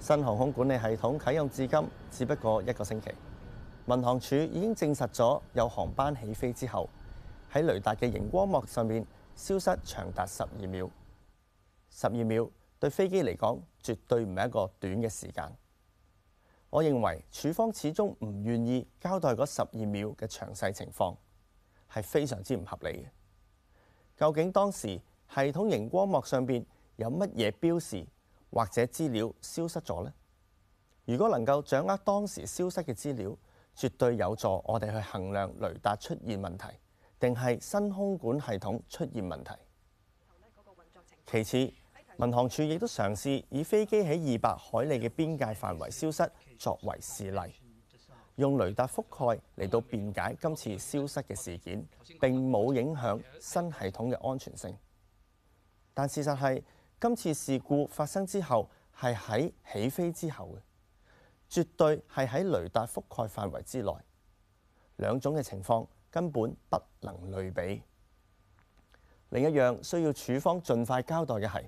新航空管理系統啟用至今，只不過一個星期。民航處已經證實咗有航班起飛之後，喺雷達嘅熒光幕上面消失長達十二秒。十二秒對飛機嚟講，絕對唔係一個短嘅時間。我認為處方始終唔願意交代嗰十二秒嘅詳細情況，係非常之唔合理嘅。究竟當時系統熒光幕上邊有乜嘢標示？或者資料消失咗呢？如果能夠掌握當時消失嘅資料，絕對有助我哋去衡量雷達出現問題，定係新空管系統出現問題。其次，民航處亦都嘗試以飛機喺二百海里嘅邊界範圍消失作為示例，用雷達覆蓋嚟到辯解今次消失嘅事件，並冇影響新系統嘅安全性。但事實係，今次事故發生之後，係喺起飛之後嘅，絕對係喺雷達覆蓋範圍之內。兩種嘅情況根本不能類比。另一樣需要處方盡快交代嘅係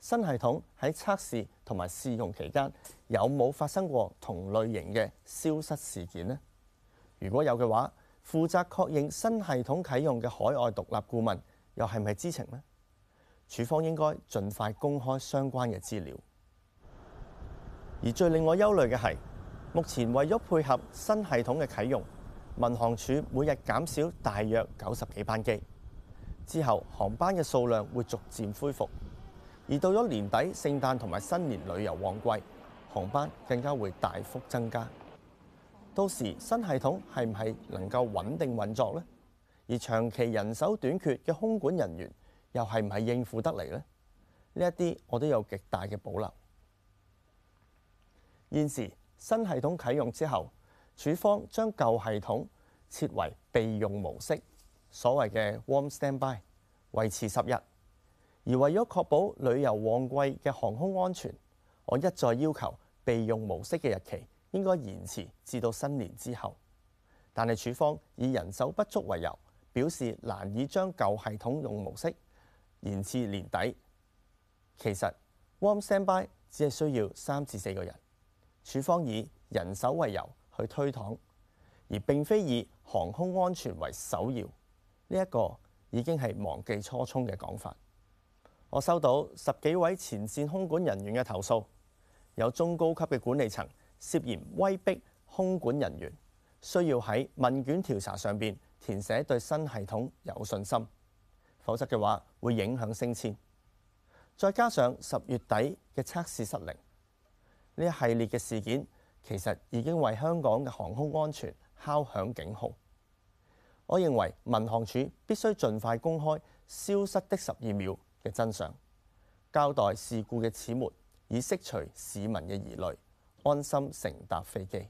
新系統喺測試同埋試用期間有冇發生過同類型嘅消失事件呢？如果有嘅話，負責確認新系統啟用嘅海外獨立顧問又係咪知情呢？處方應該盡快公開相關嘅資料，而最令我憂慮嘅係，目前為咗配合新系統嘅啟用，民航處每日減少大約九十幾班機。之後航班嘅數量會逐漸恢復，而到咗年底、聖誕同埋新年旅遊旺季，航班更加會大幅增加。到時新系統係唔係能夠穩定運作呢？而長期人手短缺嘅空管人員，又係唔係應付得嚟呢？呢一啲我都有極大嘅保留。現時新系統啟用之後，處方將舊系統設為備用模式，所謂嘅 warm standby，維持十日。而為咗確保旅遊旺季嘅航空安全，我一再要求備用模式嘅日期應該延遲至到新年之後，但係處方以人手不足為由，表示難以將舊系統用模式。延至年底，其實 warm standby 只係需要三至四個人。處方以人手為由去推搪，而並非以航空安全為首要。呢、這、一個已經係忘記初衷嘅講法。我收到十幾位前線空管人員嘅投訴，有中高級嘅管理層涉嫌威逼空管人員，需要喺問卷調查上邊填寫對新系統有信心。否則嘅話，會影響升遷。再加上十月底嘅測試失靈，呢一系列嘅事件其實已經為香港嘅航空安全敲響警號。我認為民航處必須盡快公開消失的十二秒嘅真相，交代事故嘅始末，以釋除市民嘅疑慮，安心乘搭飛機。